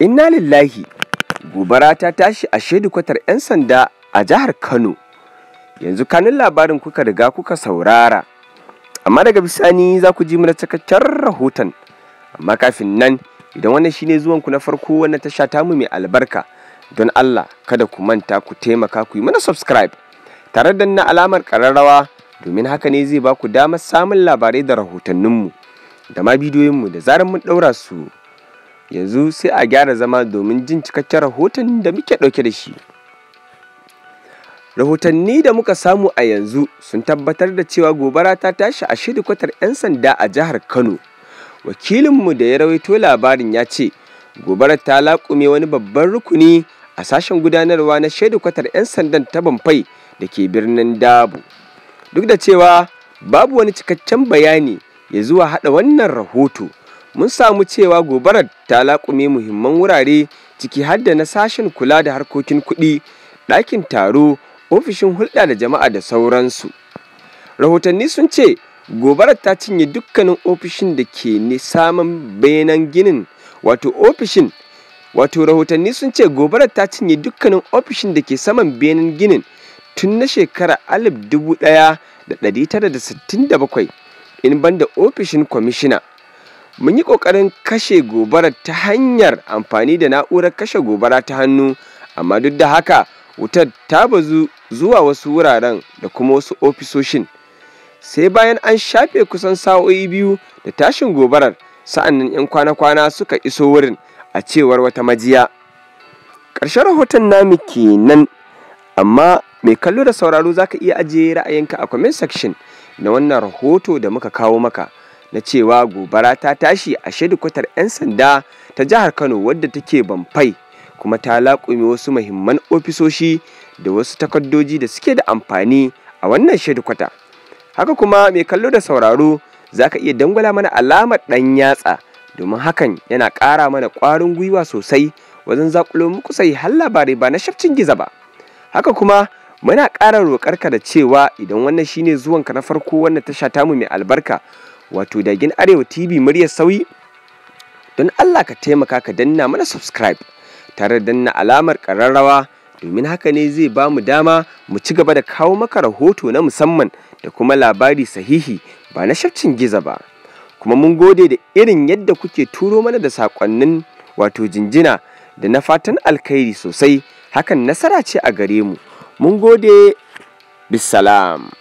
inna lillahi gobara ta tashi a kwatar 'yan sanda a jihar kano yanzu kanin labarin kuka riga kuka saurara amma daga bisani za ku ji mana cikakken rahoton amma kafin nan idan wannan shine zuwanku na farko wannan tasha mu mai albarka don allah kada ku manta ku taimaka ku yi mana subscribe tare da na alamar kararrawa domin haka ne zai ba ku damar samun labarai da rahotanninmu da ma bidiyoyinmu da zarar mun ɗaura su yanzu sai a gyara zama domin jin cikakken rahoton da muke ɗauke da shi rahotanni da muka samu a yanzu sun tabbatar da cewa gobara ta tashi a shidikwatar 'yan sanda a jihar kano wakilinmu da ya rawaito labarin ya ce gobara ta laƙume wani babban rukuni a sashen gudanarwa na kwatar 'yan sandan ta bamfai da ke birnin dabu duk da cewa babu wani cikakken bayani ya zuwa haɗa wannan rahoto mun samu cewa gobarar ta laƙume muhimman wurare ciki har na sashen kula da harkokin kuɗi ɗakin taro ofishin hulɗa da jama'a da sauransu rahotanni sun ce gobarar ta cinye dukkanin ofishin da ke saman bayanan ginin wato ofishin wato rahotanni sun ce gobarar ta cinye dukkanin ofishin da ke saman benin ginin tun na shekarar 1967 in banda ofishin kwamishina mun yi ƙoƙarin kashe gobarar ta hanyar amfani da na'urar kashe gobara ta hannu amma duk da haka wutar ta bazu zuwa wasu wuraren da kuma wasu ofisoshin sai bayan an shafe kusan sa'o'i biyu da tashin gobarar sa'annan 'yan kwana-kwana suka iso wurin a cewar wata majiya ƙarshen rahoton namu kenan amma mai kallo da sauraro za ka iya ajiye ra'ayinka a comment section na wannan rahoto da muka kawo maka. na cewa gobara ta tashi a shedikwatar 'yan sanda ta jihar kano wadda take bamfai kuma ta laƙumi wasu mahimman ofisoshi da wasu takardoji da suke da amfani a wannan shedikwata haka kuma mai kallo da sauraro za ka iya dangwala mana alamar ɗan yatsa domin hakan yana ƙara mana ƙwarin gwiwa sosai wajen zakulo muku sai har labarai ba na shafcin giza ba haka kuma muna ƙara roƙarka da cewa idan wannan shine zuwanka na farko wannan tasha tamu mai albarka wato dagin arewa tv muryar sauyi don allah ka taimaka ka danna mana subscribe tare da danna alamar ƙararrawa domin haka ne zai ba mu dama mu ci gaba da kawo maka rahoto na musamman da kuma labari sahihi ba na shafcin giza ba kuma mun gode da irin yadda kuke turo mana da saƙonnin wato jinjina da na fatan alkhairi sosai hakan nasara ce a gare mu mun gode bisalam